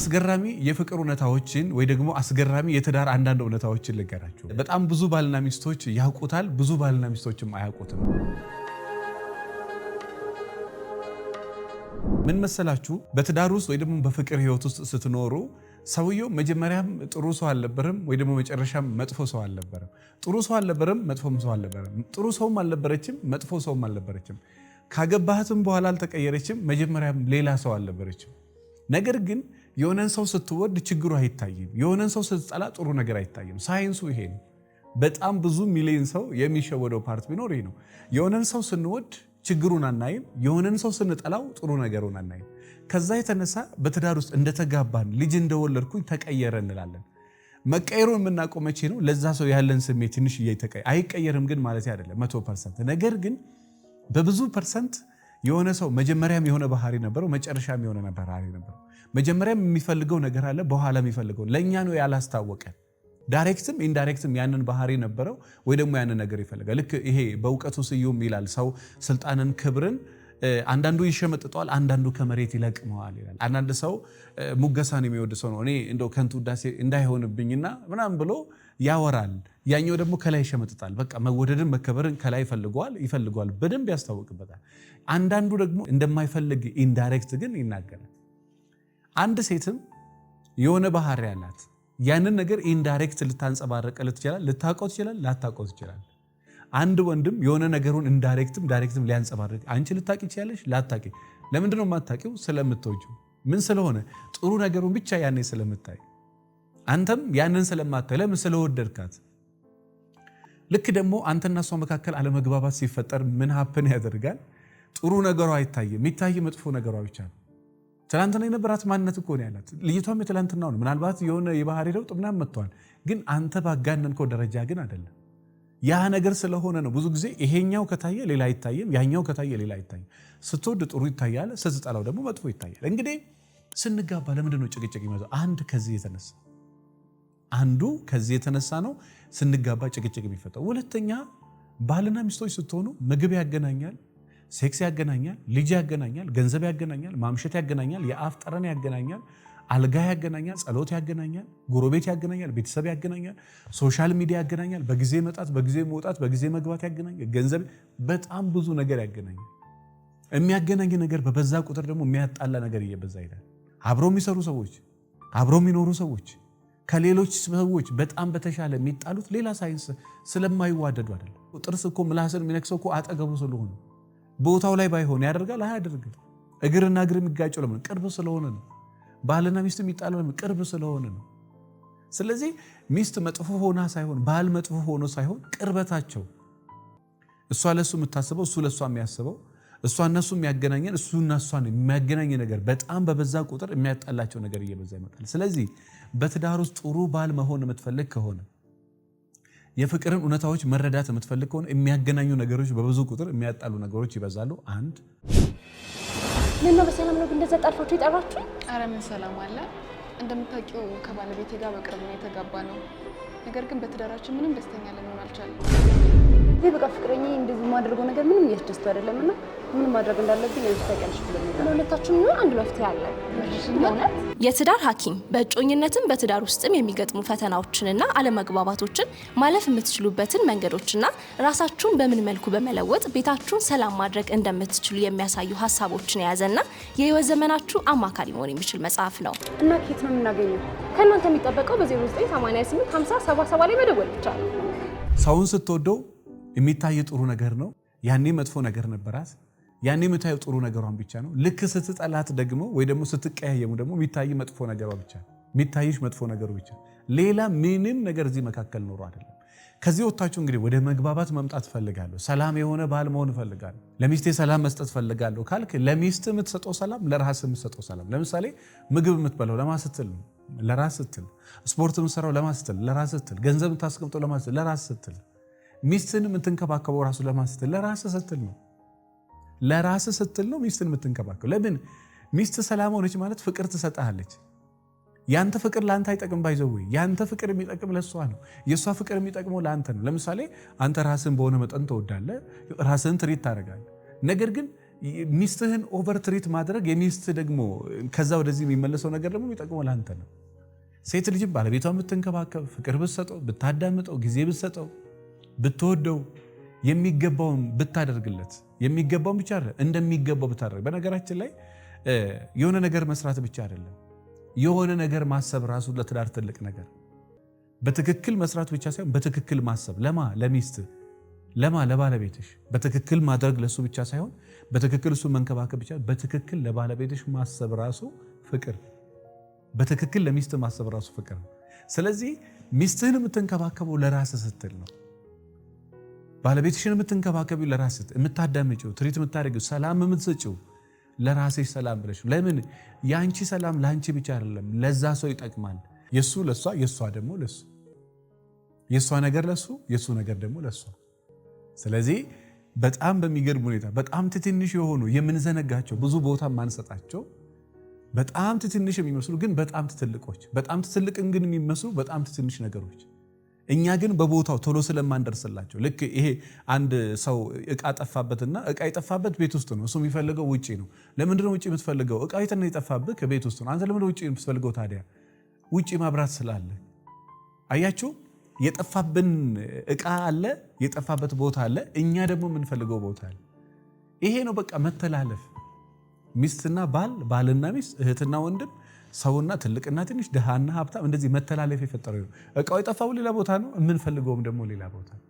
አስገራሚ የፍቅር እውነታዎችን ወይ ደግሞ አስገራሚ የትዳር አንዳንድ እውነታዎችን ልገራችሁ። በጣም ብዙ ባልና ሚስቶች ያውቁታል፣ ብዙ ባልና ሚስቶችም አያውቁትም። ምን መሰላችሁ? በትዳር ውስጥ ወይ ደግሞ በፍቅር ህይወት ውስጥ ስትኖሩ ሰውየው መጀመሪያም ጥሩ ሰው አልነበረም፣ ወይ ደግሞ መጨረሻም መጥፎ ሰው አልነበረም። ጥሩ ሰው አልነበረም፣ መጥፎም ሰው አልነበረም። ጥሩ ሰውም አልነበረችም፣ መጥፎ ሰውም አልነበረችም። ካገባህትም በኋላ አልተቀየረችም፣ መጀመሪያም ሌላ ሰው አልነበረችም። ነገር ግን የሆነን ሰው ስትወድ ችግሩ አይታይም። የሆነን ሰው ስትጠላ ጥሩ ነገር አይታይም። ሳይንሱ ይሄ ነው። በጣም ብዙ ሚሊዮን ሰው የሚሸወደው ፓርት ቢኖር ይሄ ነው። የሆነን ሰው ስንወድ ችግሩን አናይም። የሆነን ሰው ስንጠላው ጥሩ ነገሩን አናይም። ከዛ የተነሳ በትዳር ውስጥ እንደተጋባን ልጅ እንደወለድኩኝ ተቀየረ እንላለን። መቀየሩ የምናውቀው መቼ ነው? ለዛ ሰው ያለን ስሜት ትንሽ አይቀየርም ግን ማለት አይደለም መቶ ፐርሰንት። ነገር ግን በብዙ ፐርሰንት የሆነ ሰው መጀመሪያም የሆነ ባህሪ ነበረው፣ መጨረሻም የሆነ ባህሪ ነበረው። መጀመሪያም የሚፈልገው ነገር አለ፣ በኋላ የሚፈልገው ለእኛ ነው ያላስታወቀን። ዳይሬክትም ኢንዳይሬክትም ያንን ባህሪ ነበረው ወይ ደግሞ ያንን ነገር ይፈልጋል። ልክ ይሄ በእውቀቱ ስዩም ይላል ሰው ስልጣንን፣ ክብርን አንዳንዱ ይሸመጥጠዋል፣ አንዳንዱ ከመሬት ይለቅመዋል ይላል። አንዳንድ ሰው ሙገሳን የሚወድ ሰው ነው እኔ እንደው ከንቱ ውዳሴ እንዳይሆንብኝና ምናምን ብሎ ያወራል። ያኛው ደግሞ ከላይ ይሸመጥጣል። በቃ መወደድን መከበርን ከላይ ይፈልገዋል ይፈልገዋል፣ በደንብ ያስታወቅበታል። አንዳንዱ ደግሞ እንደማይፈልግ ኢንዳይሬክት ግን ይናገራል። አንድ ሴትም የሆነ ባህሪ ያላት ያንን ነገር ኢንዳይሬክት ልታንጸባረቀ ልትችላል፣ ልታውቀው ትችላል፣ ላታውቀው ትችላል። አንድ ወንድም የሆነ ነገሩን እንዳይሬክትም ዳይሬክትም ሊያንጸባርቅ አንቺ ልታቂ ትችላለሽ፣ ላታቂ። ለምንድነው የማታቂው? ስለምትወጂው ምን ስለሆነ ጥሩ ነገሩን ብቻ ያኔ ስለምታይ አንተም ያንን ስለማትለምን ስለወደድካት ልክ ደግሞ አንተና እሷ መካከል አለመግባባት ሲፈጠር ምን ሀፕን ያደርጋል? ጥሩ ነገሯ አይታይም፣ የሚታይ መጥፎ ነገሯ ብቻ ነው። ትላንትና የነበራት ማንነት እኮ ነው ያላት። ልጅቷም የትላንትና ነው። ምናልባት የሆነ የባህሪ ለውጥ ምናምን መጥተዋል፣ ግን አንተ ባጋነንከው ደረጃ ግን አይደለም። ያ ነገር ስለሆነ ነው። ብዙ ጊዜ ይሄኛው ከታየ ሌላ አይታየም፣ ያኛው ከታየ ሌላ አይታየም። ስትወድ ጥሩ ይታያል፣ ስትጠላው ደግሞ መጥፎ ይታያል። እንግዲህ ስንጋባ ለምንድነው ነው ጭቅጭቅ ይመጣው? አንድ ከዚህ የተነሳ አንዱ ከዚህ የተነሳ ነው ስንጋባ ጭቅጭቅ የሚፈጠው። ሁለተኛ ባልና ሚስቶች ስትሆኑ ምግብ ያገናኛል፣ ሴክስ ያገናኛል፣ ልጅ ያገናኛል፣ ገንዘብ ያገናኛል፣ ማምሸት ያገናኛል፣ የአፍ ጠረን ያገናኛል፣ አልጋ ያገናኛል፣ ጸሎት ያገናኛል፣ ጎረቤት ያገናኛል፣ ቤተሰብ ያገናኛል፣ ሶሻል ሚዲያ ያገናኛል፣ በጊዜ መጣት፣ በጊዜ መውጣት፣ በጊዜ መግባት ያገናኛል፣ ገንዘብ፣ በጣም ብዙ ነገር ያገናኛል። የሚያገናኝ ነገር በበዛ ቁጥር ደግሞ የሚያጣላ ነገር እየበዛ ይላል። አብረው የሚሰሩ ሰዎች፣ አብረው የሚኖሩ ሰዎች ከሌሎች ሰዎች በጣም በተሻለ የሚጣሉት ሌላ ሳይንስ ስለማይዋደዱ አይደለም። ጥርስ እኮ ምላስን የሚነክሰው እኮ አጠገቡ ስለሆነ ቦታው ላይ ባይሆን ያደርጋል አያደርግም። እግርና እግር የሚጋጨው ለምን? ቅርብ ስለሆነ ነው። ባልና ሚስት የሚጣሉ ለምን? ቅርብ ስለሆነ ነው። ስለዚህ ሚስት መጥፎ ሆና ሳይሆን ባል መጥፎ ሆኖ ሳይሆን ቅርበታቸው፣ እሷ ለሱ የምታስበው እሱ ለሷ የሚያስበው እሷ እነሱ የሚያገናኘን እሱና እሷን የሚያገናኝ ነገር በጣም በበዛ ቁጥር የሚያጣላቸው ነገር እየበዛ ይመጣል። ስለዚህ በትዳር ውስጥ ጥሩ ባል መሆን የምትፈልግ ከሆነ የፍቅርን እውነታዎች መረዳት የምትፈልግ ከሆነ የሚያገናኙ ነገሮች በብዙ ቁጥር የሚያጣሉ ነገሮች ይበዛሉ። አንድ ምን በሰላም ነው እንደዛ ጠርፋችሁ ይጠራችሁ? አረ ምን ሰላም አለ። እንደምታውቂው ከባለቤቴ ጋር በቅርብ ነው የተጋባ ነው። ነገር ግን በትዳራችን ምንም ደስተኛ ልንሆን አልቻለም። ይህ በቃ ፍቅረኛ እንደዚህ የማደርገው ነገር ምንም እያስደስቱ አይደለም እና ምን ማድረግ እንዳለብኝ አንቺ ታውቂያለሽ አንድ መፍትሄ አለ። የትዳር ሐኪም በእጮኝነትም በትዳር ውስጥም የሚገጥሙ ፈተናዎችንና አለመግባባቶችን ማለፍ የምትችሉበትን መንገዶችና ራሳችሁን በምን መልኩ በመለወጥ ቤታችሁን ሰላም ማድረግ እንደምትችሉ የሚያሳዩ ሀሳቦችን የያዘና የህይወት ዘመናችሁ አማካሪ መሆን የሚችል መጽሐፍ ነው እና ኬት ነው የምናገኘው? ከእናንተ የሚጠበቀው በ09885077 ላይ መደወል ብቻ ነው። ሰውን ስትወደው የሚታይ ጥሩ ነገር ነው። ያኔ መጥፎ ነገር ነበራት። ያን የምታየው ጥሩ ነገሯን ብቻ ነው። ልክ ስትጠላት ደግሞ ወይ ደግሞ ስትቀያየሙ ደግሞ የሚታይ መጥፎ ነገሯ ብቻ የሚታይሽ መጥፎ ነገሩ ብቻ ሌላ ምንም ነገር እዚህ መካከል ኖሮ አይደለም። ከዚህ ወጥታችሁ እንግዲህ ወደ መግባባት መምጣት እፈልጋለሁ፣ ሰላም የሆነ ባል መሆን እፈልጋለሁ፣ ለሚስቴ ሰላም መስጠት እፈልጋለሁ ካልክ ለሚስት የምትሰጠው ሰላም፣ ለራስ የምትሰጠው ሰላም። ለምሳሌ ምግብ የምትበላው ለማስትል ስትል ለራስ ስትል። ስፖርት የምትሰራው ለማስትል ለራስ ስትል። ገንዘብ የምታስቀምጠው ለማስትል ለራስ ስትል። ሚስትን የምትንከባከበው ራሱ ለማስትል ለራስ ስትል ነው። ለራስ ስትል ነው ሚስትን የምትንከባከብ። ለምን ሚስት ሰላም ሆነች ማለት ፍቅር ትሰጣለች ያንተ ፍቅር ለአንተ አይጠቅም፣ ባይዘው ያንተ ፍቅር የሚጠቅም ለእሷ ነው። የእሷ ፍቅር የሚጠቅመው ለአንተ ነው። ለምሳሌ አንተ ራስህን በሆነ መጠን ትወዳለህ፣ ራስህን ትሪት ታደርጋለህ። ነገር ግን ሚስትህን ኦቨር ትሪት ማድረግ የሚስት ደግሞ ከዛ ወደዚህ የሚመለሰው ነገር ደግሞ የሚጠቅመው ለአንተ ነው። ሴት ልጅ ባለቤቷ ብትንከባከብ፣ ፍቅር ብትሰጠው፣ ብታዳምጠው፣ ጊዜ ብትሰጠው፣ ብትወደው፣ የሚገባውን ብታደርግለት የሚገባውን ብቻ አይደለም እንደሚገባው ብታደርግ። በነገራችን ላይ የሆነ ነገር መስራት ብቻ አይደለም የሆነ ነገር ማሰብ ራሱ ለትዳር ትልቅ ነገር። በትክክል መስራት ብቻ ሳይሆን በትክክል ማሰብ ለማ ለሚስት ለማ ለባለቤትሽ በትክክል ማድረግ ለሱ ብቻ ሳይሆን በትክክል እሱ መንከባከብ ብቻ በትክክል ለባለቤትሽ ማሰብ ራሱ ፍቅር፣ በትክክል ለሚስት ማሰብ ራሱ ፍቅር ስለዚህ ሚስትህን የምትንከባከበው ለራስህ ስትል ነው። ባለቤትሽን የምትንከባከቢው ለራስ የምታዳምጪው፣ ትሪት የምታደርጊው፣ ሰላም የምትሰጪው ለራሴ ሰላም ብለሽ። ለምን የአንቺ ሰላም ለአንቺ ብቻ አይደለም፣ ለዛ ሰው ይጠቅማል። የእሱ ለእሷ፣ የእሷ ደግሞ ለሱ፣ የእሷ ነገር ለሱ፣ የእሱ ነገር ደግሞ ለእሷ። ስለዚህ በጣም በሚገርም ሁኔታ በጣም ትትንሽ የሆኑ የምንዘነጋቸው ብዙ ቦታ ማንሰጣቸው በጣም ትትንሽ የሚመስሉ ግን በጣም ትትልቆች፣ በጣም ትትልቅ ግን የሚመስሉ በጣም ትትንሽ ነገሮች እኛ ግን በቦታው ቶሎ ስለማንደርስላቸው ልክ ይሄ አንድ ሰው እቃ ጠፋበትና እቃ የጠፋበት ቤት ውስጥ ነው፣ እሱ የሚፈልገው ውጭ ነው። ለምንድነው ውጭ የምትፈልገው? እቃ የጠና የጠፋብህ ከቤት ውስጥ ነው። አንተ ለምን ውጭ የምትፈልገው? ታዲያ ውጭ ማብራት ስላለ። አያችሁ፣ የጠፋብን እቃ አለ፣ የጠፋበት ቦታ አለ፣ እኛ ደግሞ የምንፈልገው ቦታ አለ። ይሄ ነው በቃ መተላለፍ። ሚስትና ባል፣ ባልና ሚስት፣ እህትና ወንድም ሰውና ትልቅና ትንሽ ድሃና ሀብታም እንደዚህ መተላለፍ የፈጠረው ነው። እቃው የጠፋው ሌላ ቦታ ነው፣ የምንፈልገውም ደግሞ ሌላ ቦታ ነው።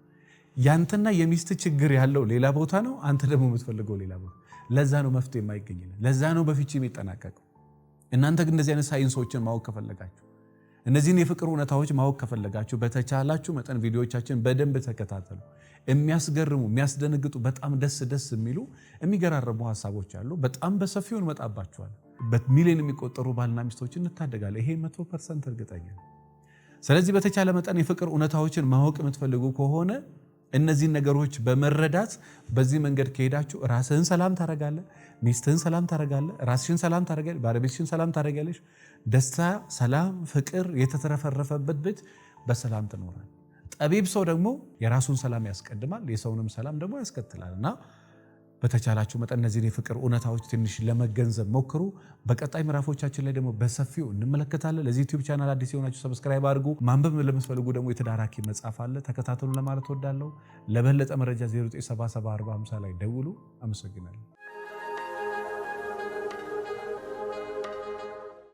ያንተና የሚስት ችግር ያለው ሌላ ቦታ ነው፣ አንተ ደግሞ የምትፈልገው ሌላ ቦታ። ለዛ ነው መፍትሄ የማይገኝልን፣ ለዛ ነው በፍቺ የሚጠናቀቀው። እናንተ ግን እንደዚህ አይነት ሳይንሶችን ማወቅ ከፈለጋችሁ እነዚህን የፍቅር እውነታዎች ማወቅ ከፈለጋችሁ በተቻላችሁ መጠን ቪዲዮዎቻችን በደንብ ተከታተሉ። የሚያስገርሙ የሚያስደነግጡ፣ በጣም ደስ ደስ የሚሉ የሚገራረሙ ሀሳቦች አሉ። በጣም በሰፊው እንመጣባችኋል። በሚሊዮን የሚቆጠሩ ባልና ሚስቶችን እንታደጋለን። ይሄ መቶ ፐርሰንት እርግጠኛ። ስለዚህ በተቻለ መጠን የፍቅር እውነታዎችን ማወቅ የምትፈልጉ ከሆነ እነዚህን ነገሮች በመረዳት በዚህ መንገድ ከሄዳችሁ ራስህን ሰላም ታደርጋለህ፣ ሚስትህን ሰላም ታደርጋለህ፣ ራስሽን ሰላም ታደርጋለህ፣ ባለቤትሽን ሰላም ታደርጋለሽ። ደስታ፣ ሰላም፣ ፍቅር የተትረፈረፈበት ቤት በሰላም ትኖራል። ጠቢብ ሰው ደግሞ የራሱን ሰላም ያስቀድማል፣ የሰውንም ሰላም ደግሞ ያስከትላል እና በተቻላችሁ መጠን እነዚህን የፍቅር እውነታዎች ትንሽ ለመገንዘብ ሞክሩ። በቀጣይ ምዕራፎቻችን ላይ ደግሞ በሰፊው እንመለከታለን። ለዚህ ዩቲዩብ ቻናል አዲስ የሆናችሁ ሰብስክራይብ አድርጉ። ማንበብ ለምትፈልጉ ደግሞ የተዳራኪ መጽሐፍ አለ፣ ተከታተሉ ለማለት ወዳለሁ። ለበለጠ መረጃ 097745 ላይ ደውሉ። አመሰግናለሁ።